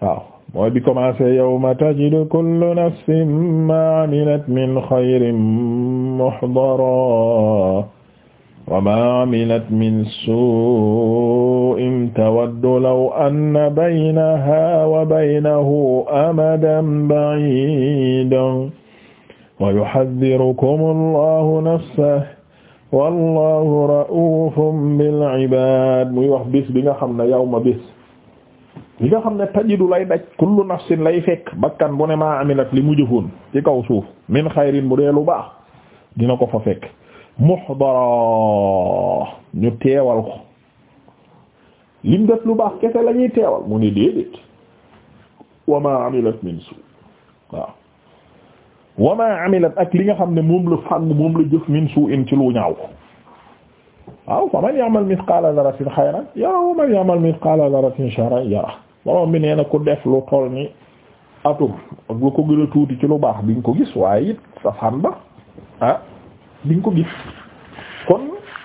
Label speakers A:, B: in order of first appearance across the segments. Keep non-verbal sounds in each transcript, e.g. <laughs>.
A: waaw mooy bi commencé yawma tajidu kullu nafsin ma amilat min xayrin muhdara wa ma amilat min su'in tawaddu law anna baynaha wa baynahu amadan ba'idan wa yuhadhirukum allahu nafsahu wallahu ra'ufun bil ibad muy wax bis bi nga xam ne yawma bis li nga xam ne du lay daj kullu nafsin lay fekk bakkan bu ne maa amilat li mu jëfoon ci kaw suuf min xayrin bu dee lu baax dina ko fa fekk muhdara ñu teewal ko lim def lu baax kese la ñu teewal mu ne déedéet wa maa amilat min suu waaw wa maa ak li nga xam ne moom la fàng moom la jëf min suu in ci lu ñaaw waaw fa man ya'mal mithqala dharratin khayran yara wa man ya'mal mithqala dharratin sharran yara borom bi nee na ku def lu toll ni atum ak lu ko gën a tuuti ci lu baax bi nga ko gis waaye it safaan ba ah di nga ko gis kon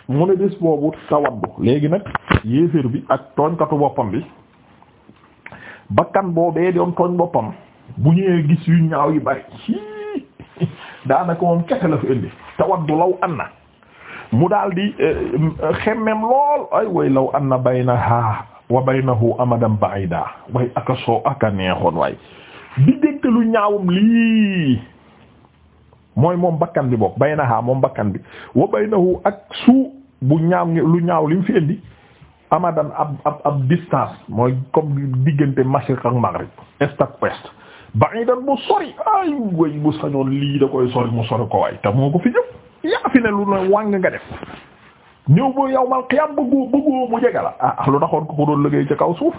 A: mu ne bés boobu tawaddu léegi nag yéeféer bi ak tooñkatu boppam bi bakkan boobee doon tooñ boppam bu ñëwee gis yu ñaaw yi bari daanaka moom kese la fi indi tawaddu law na mu daal di eh, xemmem lool ay way law anna bayna ha wa baynahu amadan ba'ida way aka soo aka neexoon waay diggante lu ñaawum lii mooy moom bakkan bi bay baynaha moom bakkan bi wa baynahu ak suu bu ñaaw lu ñaaw li mu fi indi amadan ab ab ab distance mooy comme diggante mashriq ak maghrib est ak ouest ba'idan bu sori ay way bu sañoon lii da koy sori mu sori ko waay te moo ko fi jëf yaa fi ne lu ne wàng nga def ñëw ba yawmal qiyaam bëggu bëggu mu jege la ah lu taxoon ko ko doon liggéey ci kaw suuf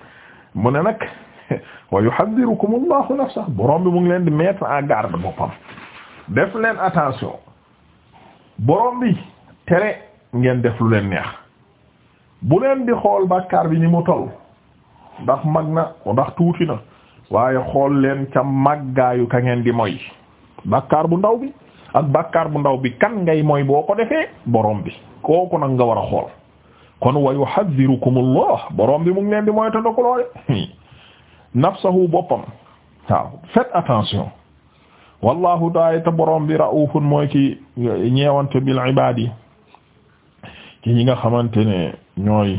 A: <laughs> mu ne nag <laughs> wa yuhaddirukum allahu nafsa borom bi mu ngi leen di mettre en garde boppam def leen attention borom bi tere ngeen def lu leen neex bu leen di xool bakkaar bi ni mu toll ndax mag na ndax tuuti na waaye xool leen ca màggaayu ka ngeen di moy bàkkaar bu ndaw bi ak bàkkaar bu ndaw bi kan ngay mooy boo ko defee borom bi kooku nag nga war a xool kon wa yuhadhirukumullah borom bi mu ngi leen di mooy te ndokuloole nafsahu boppam waaw faites attention wallahu daay te borom bi raufun mooy ki ñeewante bil ibadi ci yi nga xamante ne ñoy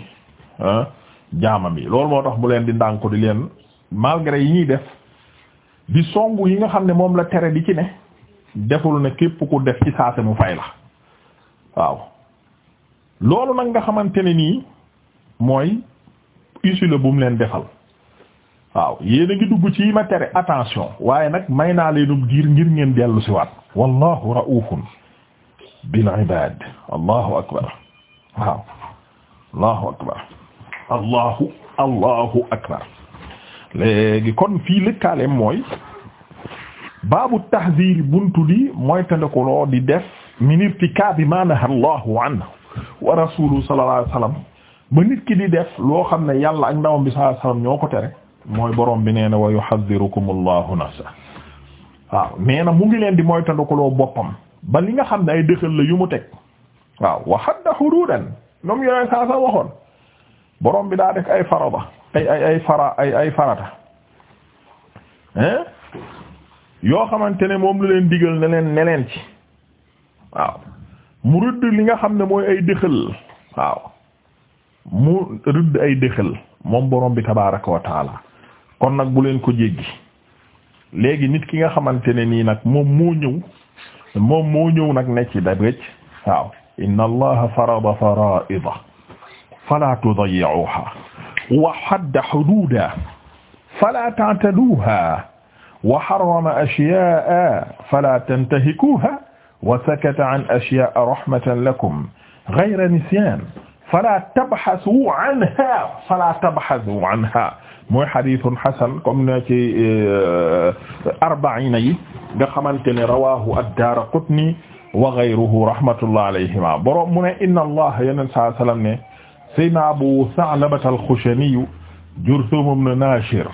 A: ah, jaama bi loolu moo tax bu leen di ndànk ko di leen malgré yi ñuy def di songu yi nga xam ne moom la tere di ci ne deful ne képp ku def ci saase mu fay la waaw loolu nag nga xamante ne nii mooy issue la bu mu leen defal waaw yéen a ngi dugg ci ma tere attention waaye nag may naa leenum diir ngir ngeen dellu si waat wallahu raufun bil ibad allahu akbar waaw allahu akbar allahu allahu akbar léegi kon fii lëkkaaleem mooy baabu tahzir buntu di mooy tandakuloo di def min irtikaabi ma naha allahu anhu wa rasuluhu sallallahu alayhi wa sallam ba nit ki di def loo xam ne yàlla ak ndawam bi sallallahu wa sallam ñoo ko tere mooy borom bi nee na wa yuhadhirukum allahu nafsa waaw na mu ngi leen di mooy boppam ba li nga xam ne ay dëxal la yu mu teg waaw wa hadda hududan ñoom yoneen saa waxoon borom bi daa def ay farada ay fara ay ay farata hein yoo xamante ne moom la leen digal ne leen ne leen ci waaw mu rëdd li nga xam ne mooy ay dëxël waaw mu rëdd ay dëxël moom borom bi tabaaraka wa taala kon nag bu leen ko jéggi léegi nit ki nga xamante ne nii nag moom moo ñëw moom moo ñëw nag ne ci da rëcc waaw inna allaha farada fara'ida fala tudayyi'uha wa hadda hududa fala ta'taduha wa harrama ashyaa'a falaa tantahikuuhaa wa sakata an ashyaa'a rahmatan lakum ghayra nisyaan falaa tabhasuu anhaa falaa tabhasuu anhaa mooy hadiisun hasan comme na ci euh, arba'iin yi nga xamante ne rawaahu ad-Daaraqutni wa ghayruhu rahmatullahi alayhimaa borom mu ne inna allah yeneen saa salaam ne sayyidunaa Abuu Sa'labata al-Xushaniyyu Jurthum ibn Naashir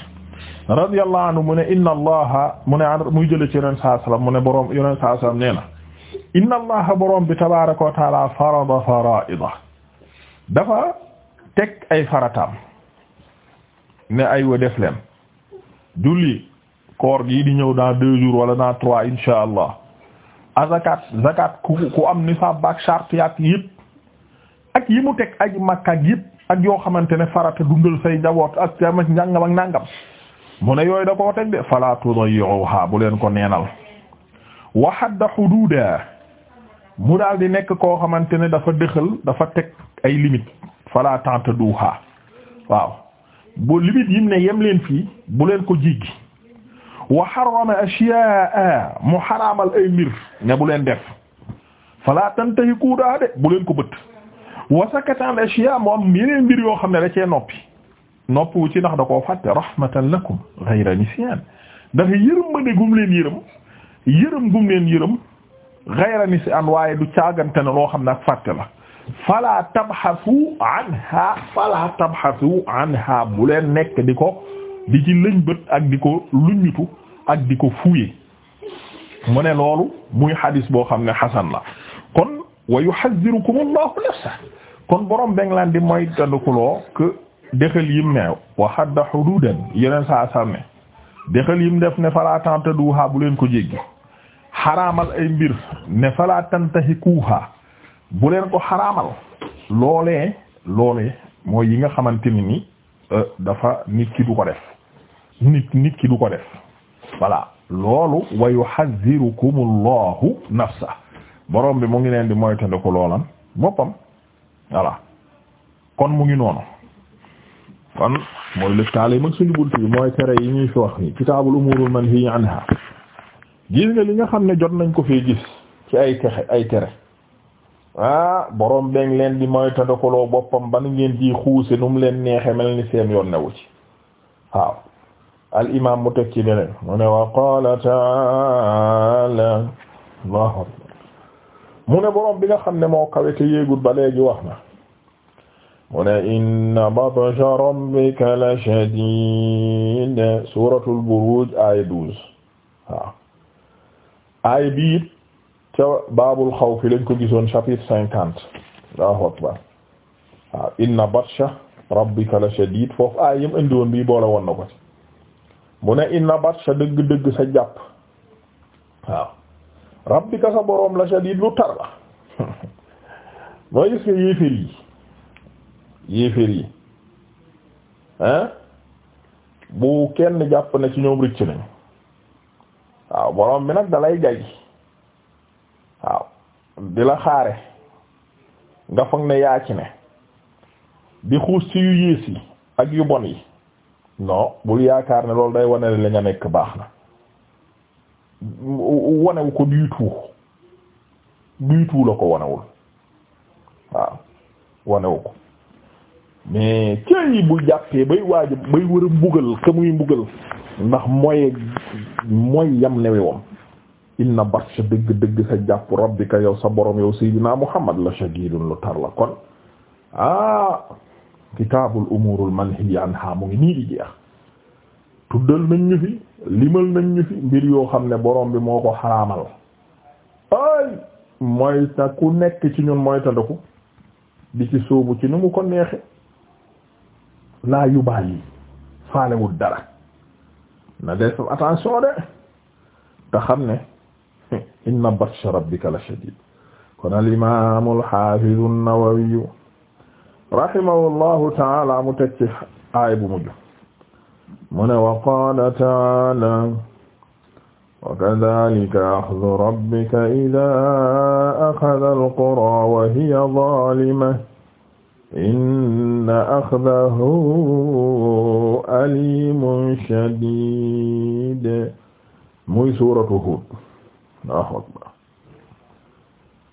A: radiyallahu anhu mu ne inna allaha mu ne an muy jële ci yoneen saa sallam mu ne boroom boroom bi tabaraka wa taala farada faraida dafa teg ay farataam ne ay wa def leen julli koor gi di ñëw dans deux jours wala dans trois insha allah azakat zakat ku ku am nisaab ak charte yaak yëpp ak yi mu teg aj makka ak ak yoo xamante ne farata dundal say njaboot ak jama njàngam ak nàngam mu ne yooyu da koo teg de fala tudayyi'uha bu leen ko neenal wa hadda hududa mu daal di nekk koo xamante ne dafa dëxal dafa teg ay limites fala ta'taduha waaw bu limite yim ne yem leen fii bu leen ko jéggi wa harrama ashya'a mu xaraamal ay mbir ne bu leen def te tantahiku de bu leen ko bët wa sakata an ashya' moom yeneen mbir yoo xam ne da cee noppi noppu ci ndax da koo fàtte rahmatan lakum ghayra nisyan ndax leen yërëm yërëm gum yërëm ghayra nisyan waaye du caagante ne loo xam na ak fàtte la fala tabhasu anha fala tabhasu anha bu nekk di ko di ci lëñbët ak di ko luññutu ak di ko fuye mu ne loolu muy hadis boo xam ne hasan la kon wa yuhadhirukum allahu nafsa kon borom beng laan di mooy dandukuloo dexal yim ne wa hadda hududan yeneen saa sànne dexal yim def ne falaa tantaduha bu leen ko jéggi xaraamal ay mbir ne falaa tantahikuha bu leen ko xaraamal loolee loolee mooy yi nga xamante ni ni euh, dafa nit ki du ko def nit nit ki du ko def voilà loolu wa yuhazzirukumullahu nafsa borom bi mu ngi leen di moytandiku loolan boppam voilà kon mu ngi noonu kon mooy lëkkaale mag suñu bunt yi mooy tere yi ñuy fi wax ni kitaabul umuurul manhiyyi anha gis nga li nga xam ne jot nañ ko fee gis ci ay texe ay tere ah boroom beeg leen di moytandikuloo boppam ban ngeen di xuuse nu mu leen neexe mel ni seen yoon newu ci waaw al imaam mu teg ci beneen mu ne wa qaala ta'aala mu ne borom bi nga xam ne moo kawe te yéegul ba léegi wax na mu ne inna batsha rabbika la shadid suratul buruj aya douze waaw aaya bi it ca baabul xawfi lañ ko gisoon chapitre cinquante Allahu akbar waaw inna batsha rabbika la shadid foofu aay yim indi woon bii boole woon ko ci mu ne inna batsha dëgg-dëgg sa sa boroom la shadid lu tar la <laughs> mooy gis nga yéeféer yi hein bu kenn jàpp ne ci ñoom rëcc nañ waaw borom bi nag dalay jaj waaw di la xaare nga foog ne yaa ci ne di xuus ci yu yées yi ak yu bon yi non bul yaakaar ne loolu day wone li nga nekk baax na wanewu ko du tout du tout la ko wanewul waaw wanewu ko mais cey bu jàppee bay waaju bay war a mbugal ka muy mbugal ndax mooy mooy yam newe woon inna batsha dëgg dëgg sa jàpp rabbika yow sa borom yow sayyidina muhammad la shadidun lu tar la kon ah kitaabul umurul manhi anha mu nii di jeex tuddal nañ ñu fi limal nañ ñu mbir yoo xam ne borom bi moo ko xaraamal ay mooy ku nekk ci ñun mooy tandaku di ci sóobu ci nu mu ko neexe laa yubaal yi faalewul dara na def attention de te xam ne <laughs> inna batsha rabbika la shadid kon al imam al hafiz an-Nawawi rahimahullahu ta'ala mu teg ci aay bu mujj mu ne wa qala ta'ala wa kadhalika akhdhu rabbika idha akhadha al-qura wa hiya zalimatun inna axdahu alimun shadid muy suratu Hud Allahu akbar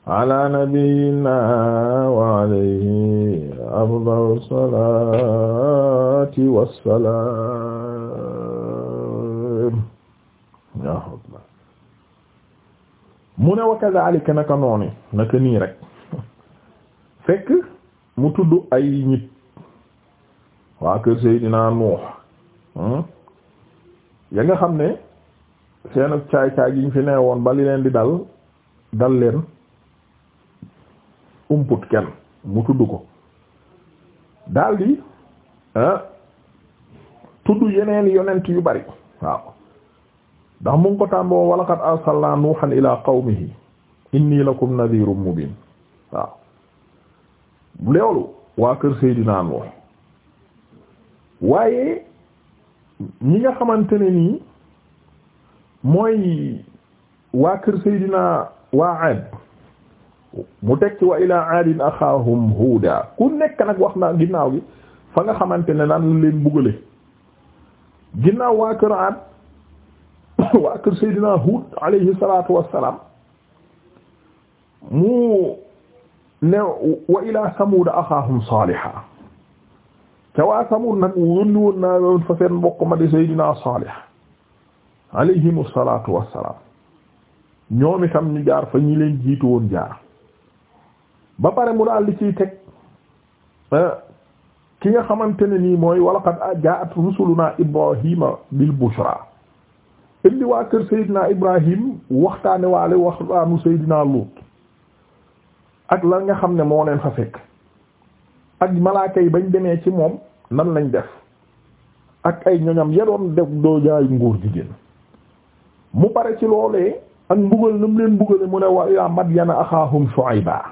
A: ala nabiyyina wa alayhi afdalu salati wassalam Allahu akbar mu ne wa kadhalika naka noonu naka nii rek fekk mu tudd ay nit waa kër Seydina Nuux hmm? ya nga xam ne seen ak caay caay gi ñu fi nee woon ba leen di dal dal leen umput kenn mu tudd ko daldi eh, tudd yeneen yonent yu bari waaw ndax mu ngi ko tàmboo walaqad arsalnaa nuuhan ilaa qawmihi inni lakum nadhiirun mubiin waaw loolu waa kër Seydina Nuux waaye ñi nga xamante ne nii mooy waa kër Seydina waa Aad mu teg wa ilaa aadin axaahum huuda ku nekk nag wax na ginnaaw gi fa nga xamante ne naan la leen bugale ginnaaw waa kër Aad <coughs> waa kër Seydina Huud alayhi salaatu wassalaam mu ne wa ila samuuda axaahum saaliha ca waa samuud nag yónni woon naa yoon fa seen mbokk di saydina saalih alayhim asalatu wassalaam ñoom itam ñu jaar fa ñi leen jiitu woon jaar ba pare mu daal di ciy teg eh, ki nga xamante ne nii mooy wa laqad jaa'at rusuluna ibrahima bil bushra indi waa kër saydina ibrahim waxtaane waale waxtaanu saydina lut ak la nga xam ne moo leen fa fekk ak malaaka yi bañ demee ci moom nan lañ def ak ay ñoñam yadoon def doo jaayu nguur jigéen mu pare ci loolee ak mbugal na mu leen mbugale mu ne wa yaa madyana axaahum baa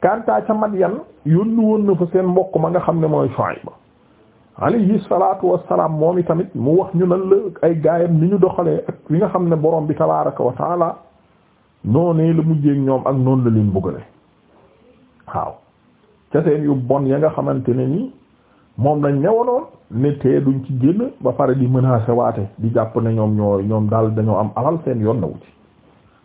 A: kantaa ca madyan yónni woon na fa seen mbokk ma nga xam ne mooy shuayba alayhi salaatu wassalaam moom i tamit mu wax ñu nan la ay gaayam ni ñu doxalee ak li nga xam ne borom bi tabaaraka wa noonee la mujjee ñoom ak noonu la leen bëggale waaw ca seen yu bon ya nga xamante ne ni moom lañ newanoon ne tee duñ ci génn ba pare di menacer waate di jàpp na ñoom ñoo ñoom daal dañoo am alal seen yoon na wuti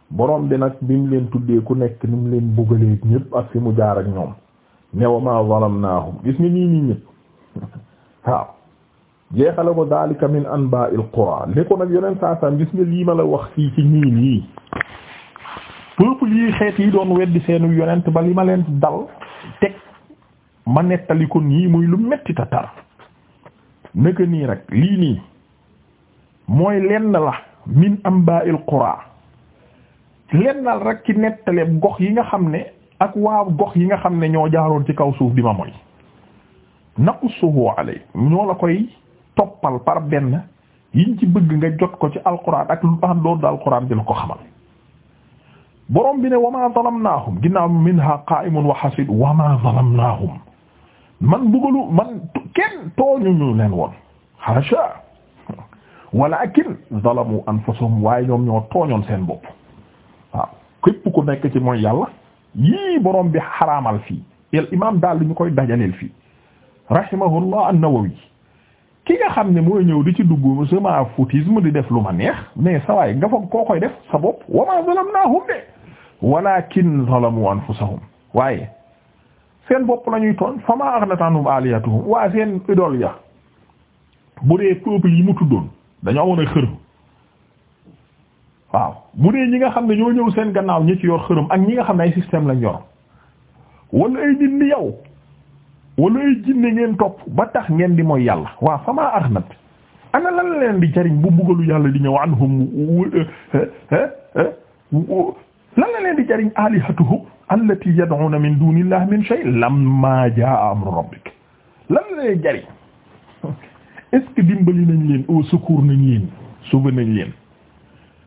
A: borom bi nag bi mu leen tuddee ku nekk ni mu leen bëggalee ñëpp ak fi mu jaar ak ñoom newama zalamnahum gis nga nii nii ñëpp <laughs> waaw jeexale ko dalika min anba'il qura li ko nag yeneen saa saa gis nga lii ma la wax fii ci ñii peuple yi xeet yi doon weddi seenu yonent ba li ma leen dal teg ma nettali ko nii muy lu metti tara tar nii rek lii nii mooy lenn la min am amba'il qura lennal rek ki nettaleeb gox yi nga xam ne ak waa gox yi nga xam ne ñoo jaaroon ci kaw suuf di ma mooy naqussuhu alay ñoo la koy toppal par benn yiñ ci bëgg nga jot ko ci alquran ak lu tax doon alquran di la ko xamal borom bi ne wama zalamnaahum ginnaaw minha qa'imun wa hasid wama zalamnaahum man bugalu man kenn tooñu ñu leen woon hasha walakin zalamu anfusahum waaye ñoom ñoo tooñoon seen bopp waaw képp ku nekk ci mooy yàlla yii borom bi xaraamal fii el imam daal li ñu koy dajaleel fii rahimahullah an-Nawawi ki nga xam ne mooy ñëw di ci dugg sama foutisme di def lu ma neex mais sa waay nga koo koy def sa bopp wama zalamnaahum de walakin zalamu anfusahum waaye seen bopp la ñuy tooñ fama aghnat anhum aliyatuhum waa seen idol ya bu dee peuple yi mu tuddoon dañoo amoon ay xërëm waaw bu dee ñi nga xam ne ñoo ñëw seen gannaaw ñi ci yor xërëm ak ñi nga xam ne ay système lañ yor wala ay jinni yow wala ay jinni ngeen topp ba tax ngeen di mooy yàlla waa fama aghnat ana lan leen di jariñ bu mbugalu yàlla di ñëw anhum eh, eh, eh, lan la leen di jariñ alihatuhu allati yad'una min dunillahi min shay lamma jaa amru rabbik lan la leen jariñ <laughs> est ce que dimbali nañ leen au secours nañ leen sauver nañ leen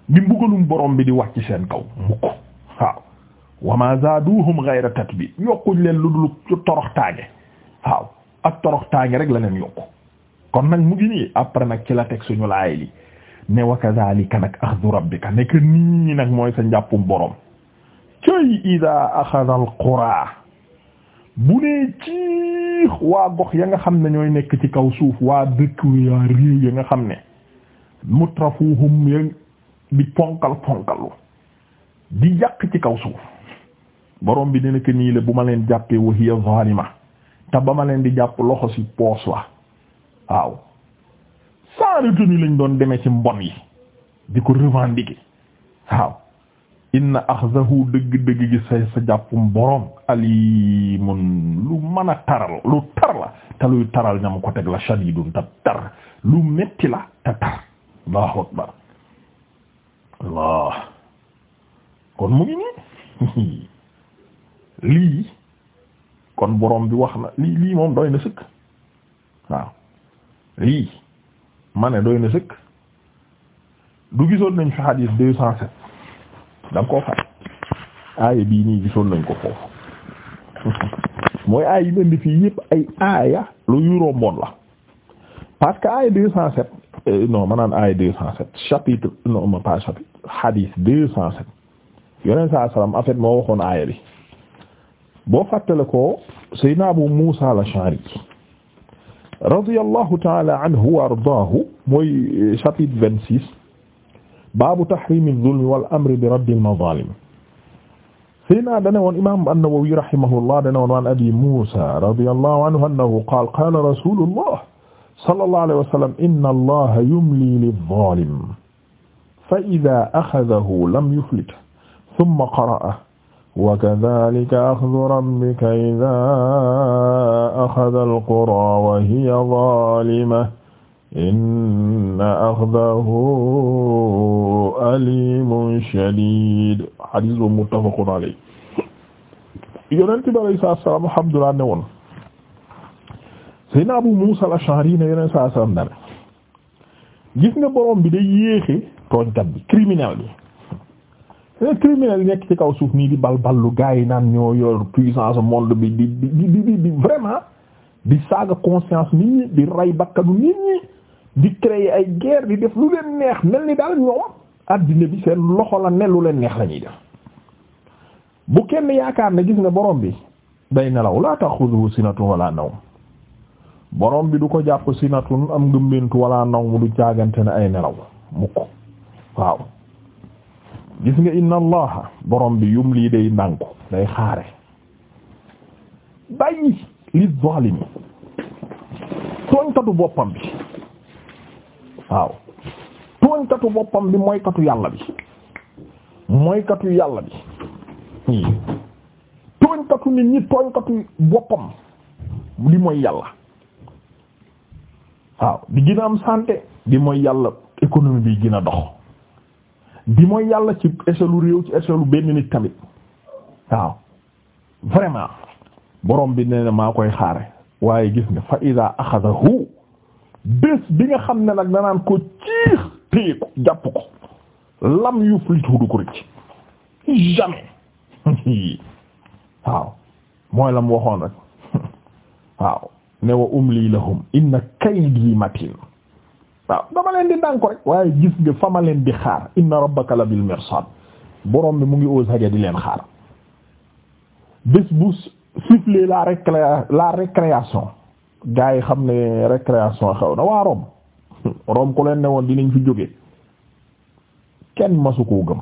A: bi mbugalum bi di wax ci seen kaw mukk waaw wa ma zaaduhum ghayra tatbib yokkuñ leen lu dul torox taange waaw ak torox taange rek la yokku kon nag mu ngi nii après nag ci la suñu laay li ne wa kadhalika nag axdu rabbika nekk nii nag mooy sa njàppum borom cay ida axada al qura bu nee ciix waa gox ya nga xam ne ñooy nekk ci kaw suuf waa dëkk yaa réew ya nga xam ne mutrafuhum ya di ponkal ponkalu di yàq ci kaw suuf borom bi ne nekk nii la bu ma leen jàppee wa hiya zalima te ba ma leen di jàpp loxo ci poos la waaw sans retenue lañ doon demee ci mbon yi di ko revendiquer waaw inna axdahu dëgg-dëgg gi say sa jàppum boroom alimun lu mën a taral lu tar la te luy taral ñam ko teg la shadidun te tar lu metti la te tar allahu akbar allah kon mu ngi nii <laughs> lii kon boroom bi wax na lii lii moom doy na sëkk waaw lii ma ne doy na sëkk du gisoon nañ fi hadis deux cent sept da koo fat aaya bii nii gisoon nañ ko foofu <laughs> mooy aaya yi indi fii yëpp ay aaya lu yuroo mbon la parce que aaya deux cent sept euh, non ma naan aaya deux cent sept chapitre non ma pas chapitre hadis deux cent sept yoneen saa salaam en moo waxoon aaya bi boo fàttale ko Seydina bu Muusa al-Ash'ari radiyallahu taala anhu wa ardaahu mooy euh, chapitre vingt-six baabu tahrimi zulmi wal amri bi raddi al-mazaalim Seydina dane woon imaam an-Nawawi rahimahullah dane woon waan abi Muusa radiyallahu anhu annahu qaala qaala rasuulullah sallallahu alayhi wa sallam inna allaha yumli liz-zaalim fa idaa axadahu lam yuflithu thumma qara'ahu wakadalika axdu rabbika idaa axada alquraa wa hiya zaalima inna axdahu alimun shadiid xadiis bu muttafaqun alayhi yonent bi alayhi salaatu wa salaam alhamdulilah ne woon Seydina Abu Muusaa al-Ash'ari ne yonent salaatu wa salaam gis nga borom bi day yéexe tooñkat bi criminel bi Eh, criminel yi nekk ci kaw suuf nii di bal ballu gaa yi naan ñoo yor puissance monde bi di di di di vraiment di saaga conscience nit ñi di ray bakkanu nit ñi di créer ay guerre di def lu leen neex mel ni daal ñoom addina bi seen loxo la ne lu leen neex la ñuy def bu kenn yaakaar ne gis nga borom bi day nelaw laa tax taxuduhu sinatun wala nawm borom bi du ko jàpp sinatun am ngëmbentu wala nawm du jaagante ne ay nelaw mukk waaw gis nga inna allah borom bi yum lii day ndànku day xaare bàyyi li zalimi tooñkatu boppam bi waaw tooñkatu boppam bi mooykatu yàlla bi mooykatu yàlla bi hmm. tooñkatu nit ñi tooñkatu boppam li mooy yàlla waaw di gën a am santé di mooy yàlla économie bi gën a dox di mooy yàlla ci échelle lu réew ci échelle benn nit tamit waaw vraiment borom bi nee na maa koy xaare waaye gis nga fa ida axadahu bés bi nga xam ne nag danaan ko ciix téye ko jàpp ko lam yu flitu du ko rëcc jamais <laughs> waaw mooy lam waxoon rek <laughs> waaw ne wa umli lahum inna kaydi matin waaw dama leen di ndànk rek waaye gis nga fa ma leen di xaar inna rabbaka la bil mirsad borom bi mu ngi ausage di leen xaar bés bu siffler la récréation gars yi xam ne récréation xew na waa Rome <laughs> Rome ku leen ne woon dinañ fi jóge kenn masu koo gëm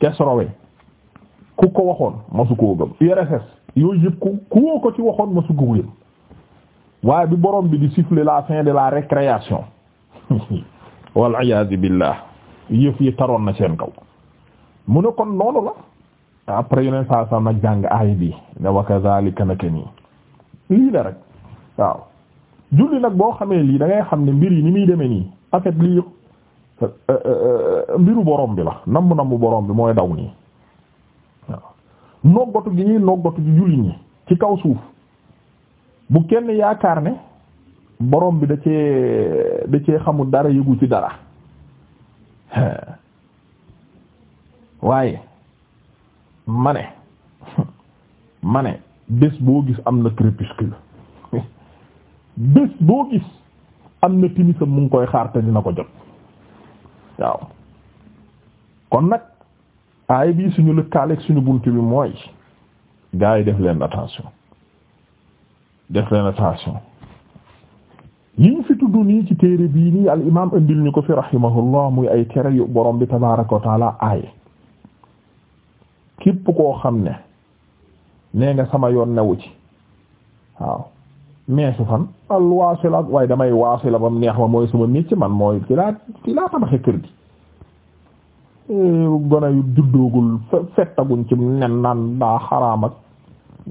A: kes rowe ku ko waxoon masu koo gëm URSS yooyu yëpp ku ku woo ko ci waxoon masu koo gëm waaye bi borom bi di siffler la fin de la récréation <laughs> wal iyaazu billah yëf yi taroon na seen kaw mu ne kon noonu la après yeneen saa saa nag jàng aay bi ne lii la rek waaw julli nag boo xamee lii da ngay xam ne mbir yi ni muy demee nii en fait lii euh, euh, euh, mbiru borom bi la namb namb borom bi mooy daw nii waaw noggatu gi ñuy noggatu julli ñi ci kaw suuf bu kenn yaakaar ne. borom bi da cee da cee xamul dara yëgu ci dara waaye mane mane ma bés boo gis am na crépuscule bés boo gis am na timisam mu ngi koy xaar te dina ko jot waaw kon nag aaye bii suñu lëkkaaleeg suñu bunt bi mooy gaa yi def leen attention def leen attention yi ñu fi tudd nii ci téere bii nii al imaam indil ñu ko fi rahimahullah muy ay tere yu borom bi tabaaraka wa taala aaye képp koo xam ne nee nga sama yoon newu ci waaw meesu fan al waasila waaye damay waasila bam neex ma mooy sama métier man mooy ci laa ci laa tabaxe kër gi eh, gone yu juddoogul fettaguñ ci nen naan daa xaraam ak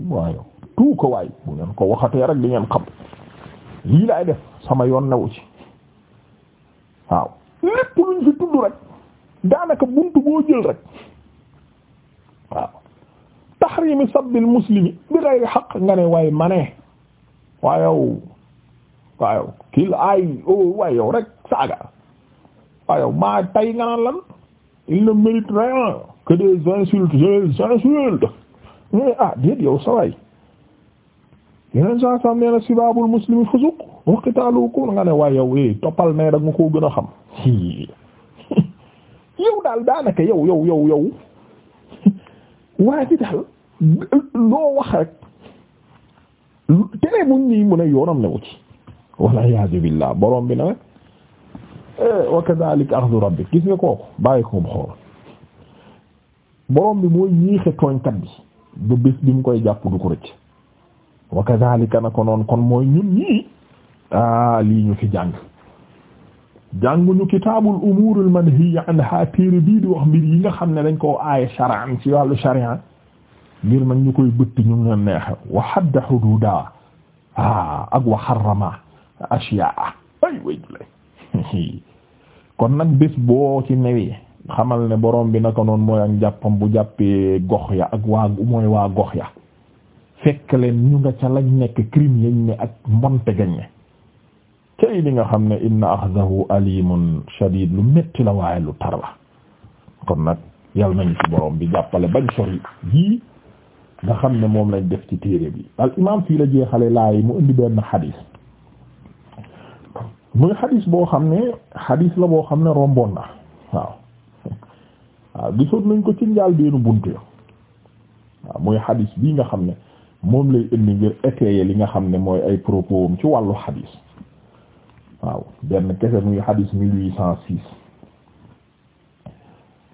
A: waaye tuu ko waay bu ngeen ko waxatee rek di ngeen xam lii laay def sama yoon newu ci waaw lépp luñ fi tudd rek daanaka buntu boo jël rek waaw tahrimi sabbil muslimi bi ghayri haqq nga ne waaye ma ne waayow waayow kil ay waay yow rek saaga waayow maa tay nga naan lan il ne mérite rien que des insultes je les insulte ah déet yow saway yeneen saa saam nee na sibaabul muslimi fusuq wa qitaaluhu kufr nga ne waaye yaw eh toppal ne da nga koo gën a xam <laughs> yow daal daanaka yow yow yow yow <laughs> waa ji daal loo wax rek tere buñ ñii mën a yoonam ne wu walla iyaazu billaah borom bi nag eh, wa kadhalika axdu rabbik gis nga kooku bàyyi ko borom bi mooy ñiixe tooñkat bi ba bés bi mu koy jàpp du ko rëcc. wa na ko noon kon mooy ñun ah, lii ñu fi jàng jànguñu kitaabul umuuril yi nga xam ne dañ koo aaye shar'an ci wàllu sharia ngir nag ñu ñu ngi leen neexe wa hadda huduudaa ah <laughs> nag bés boo ci newee xamal ne boroom bi na ko noon mooy ak njàppam bu jàppee gox ya ak waa mooy waa gox ya fekk leen ñu nga ca lañ nekk crime yañ ne ak mbonte gañ ne kay li nga xam ne inna axdahu alimun shadid lu metti la waaye lu tar la kon nag yal nañu ci borom bi jàppale bañ sori yii nga xam ne moom lañ def ci téere bi al imam fii la jeexale laa yi mu indi benn xadis muy xadis boo xam ne xadis la boo xam ne romboon na waaw waaw gisoon nañ ko ci njaal beenu buntu yo waaw muy xadis bii nga xam ne moom lay indi ngir étayer li nga xam ne mooy ay propos am ci wàllu xadis waaw benn kese muy xadis mille huit cent six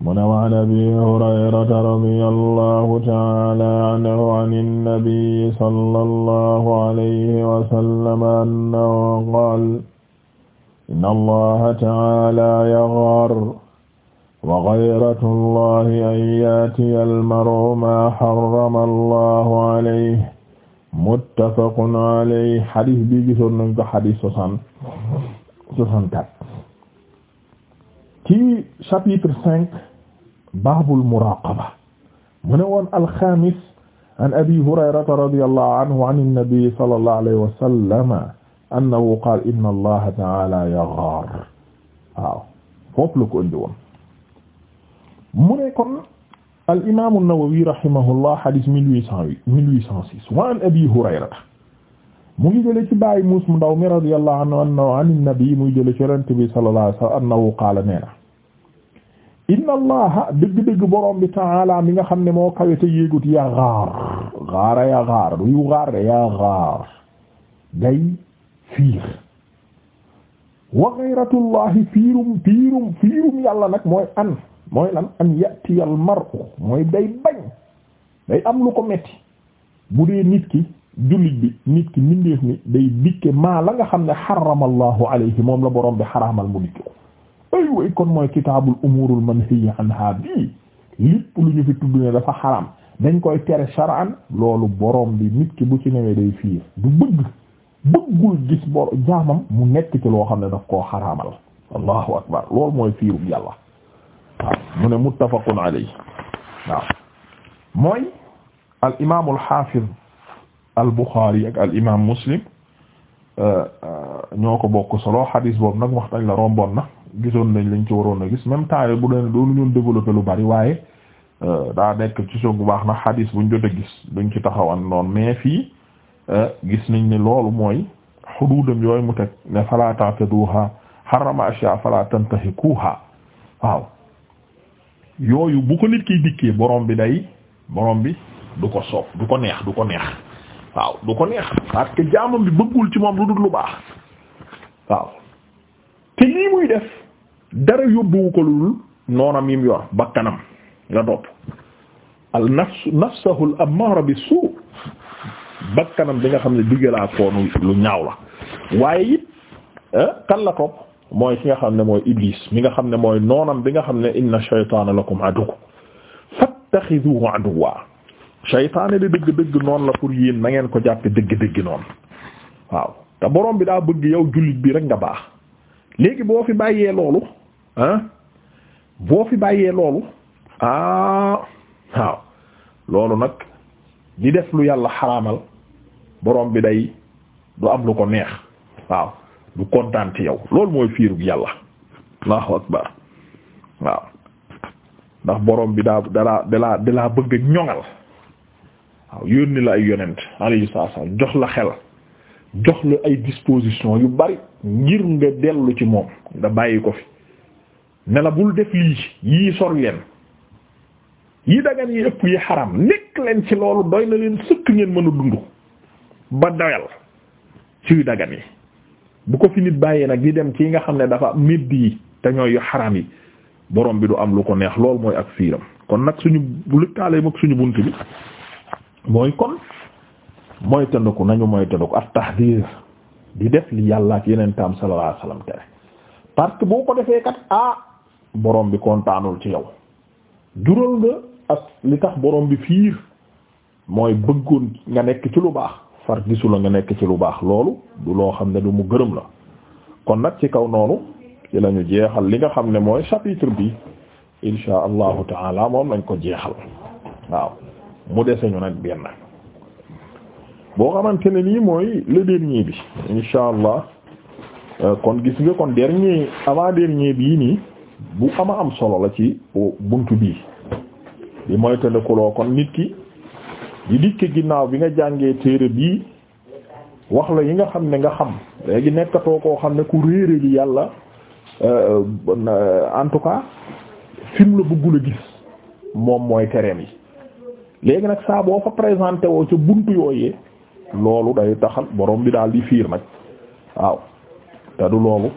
A: mu ne wa an abi hurayrata radiyallahu ta'ala anhu an an-nabi sallallahu alayhi wa sallam annahu qaala inna allaha ta'ala yaghar wa gayratu allahi an yaatiya almaru maa xarama allahu alayhi muttafaqun alayhi xadis bi gisoon nañ ko xadis soixante soixante-quatre ci chapitre cinq baabul muraqaba mu ne woon alxamis an abi hurayrata radiyallahu anhu an annabi sallallahu alayhi wa sallama annahu qaala inna allaha ta'ala yaghaar waaw foofu la ko indi woon mu ne kon al imaamu Nawawi rahimahullah hadis mille huit cent huit mille huit cent six wa an Abi Hurayrata mu ngi jële ci bàyyi muus mu ndaw mi radiyallahu anhu annahu an nabi muy jële ci yonent bi sallallahu alayhi wa sallam annahu qaala nee na inna allaha dëgg-dëgg borom bi ta'ala mi nga xam ne moo kawete yéegut yaa gaar gaara yaa gaar yu gaar de yaa gaar day fiir wa gayratullahi fiirum fiirum fiirum yàlla nag mooy an mooy lan an yatiyal mar'u mooy day bañ day am lu ko metti bu dee nit ki jullit bi nit ki mindeef ni day dikke maa la nga xam ne xaramallahu alayhi moom la borom bi xaraamal mu dikke mooy kitaabul umuurul manhiyya fi tudd ne dafa xaram dañ koy tere shar'an loolu borom bi nit bu ci newee day fiir du bëgg bëggul mu nekk ci loo xam ne daf koo xaraamal allahu akbar loolu mooy fiirum yàlla waaw mu ne muttafaqun alayhi waaw mooy al imaam al haafid al buxaari ak al imaam muslim ñoo ko bokk solo hadis boobu nag wax nañ la romboon na gisoon nañ lañ ci waroon a gis même temps bu doon doon ñun développé lu bari waaye daa nekk ci soog bu baax na hadis buñ jot a gis duñ ci taxawan noon mais fii gis nañ ni loolu mooy xuduudam yooyu mu teg ne fala ta'taduha harrama ashya fala tantahikuha waaw yooyu bu ko nit kiy dikkee borom bi day borom bi du ko soob du ko neex du ko neex waaw du ko neex parce que jaamam bi bëggul ci moom lu dul lu baax waaw te lii muy def dara yóbbuwu ko lu dul noonam yim yor bakkanam la topp al nafs nafsahu ab amara bi suu bakkanam bi nga xam ne diggalaa koonu lu ñaaw la waaye it eh, kan la topp mooy ki nga xam ne mooy iblis mi nga xam ne mooy noonam bi nga xam ne inna shaytaana lakum aduw fattaxiduhu aduwwa shaytaane di dëgg-dëgg noonu la pour yéen na ngeen ko jàppe dëgg-dëgg noonu waaw te borom bi daa bëgg yow jullit bi rek nga baax léegi boo fi bàyyee loolu boo fi bàyyee loolu ah waaw loolu nag di def lu yàlla xaraamal boroom bi day du am lu ko neex waaw du kontaan ci yow loolu mooy fiirug yàlla allahu akbar waaw ndax borom bi daa dalaa dalaa dalaa bëgg a ñoŋal waaw yónni la ay yonent alayhi salaam jox la xel jox la ay disposition yu bari ngir nga dellu ci moom nga bàyyi ko fi ne la bul def lii yii sor leen yi dagan yi ëpp yi xaram nekk leen ci loolu doy na leen sëkk ngeen mën a dund ba doyal ci dagan yi bu ko fi nit bàyyee nag di dem ci nga xam ne dafa medd yi te ñooy yu xaram yi borom bi du am lu ko neex lool mooy ak fiiram kon nag suñu lëkkaale mag suñu bunt bi mooy kon mooy tëndaku nañu mooy tëndaku ak tahdir di def li yàlla ak yeneen taam am alayhi wasallam tere parce que boo ko defee kat ah borom bi kontaanul ci yow jural nga ak li tax borom bi fiir mooy bëggoon nga nekk ci lu baax far gisu la nga nekk ci lu baax loolu du loo xam ne du mu gërëm la kon nag ci kaw noonu ci la jeexal li nga xam ne mooy chapitre bi insha allahu taala moom lañ ko jeexal waaw mu dese ñu nag benn boo xamante ne nii mooy le dernier bi insha allah euh, kon gis nga kon dernier avant dernier bii nii bu ama am solo la ci bunt bii di moytandikuloo kon nit ki li dikk ginnaaw bi nga jàngee téere bii wax la yi nga xam ne nga xam léegi nekkatoo koo xam ne ku réere li yàlla euh, en tout cas fi mu la bëggul a gis moom mooy tereem yi léegi nag saa boo fa présenté woo ca buntu yooyee loolu day taxal boroom bi daal di fiir nag waaw te du loolu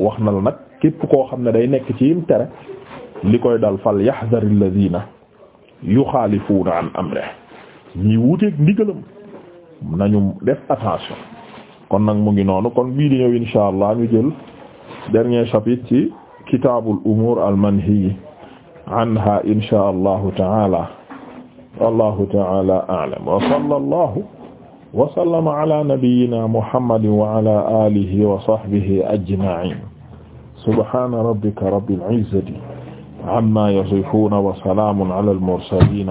A: wax na la nag képp koo xam ne day nekk ci yim tere li koy dal fal yaxdar alladina yuxaalifuuna an amre ñii wuuteeg ndigalam nañu def attention kon nag mu ngi noonu kon bii ñëw insha allah ñu jël dernier chapitre ci kitaabul umuur al manhi anha insha allahu taala wallahu taala a'lam wa sallallahu ala nabiyyina muhammadin wa ala alihi wa sahbihi ajma'in subhana rabbika rabbil izzati amma yasifun wa ala al mursalin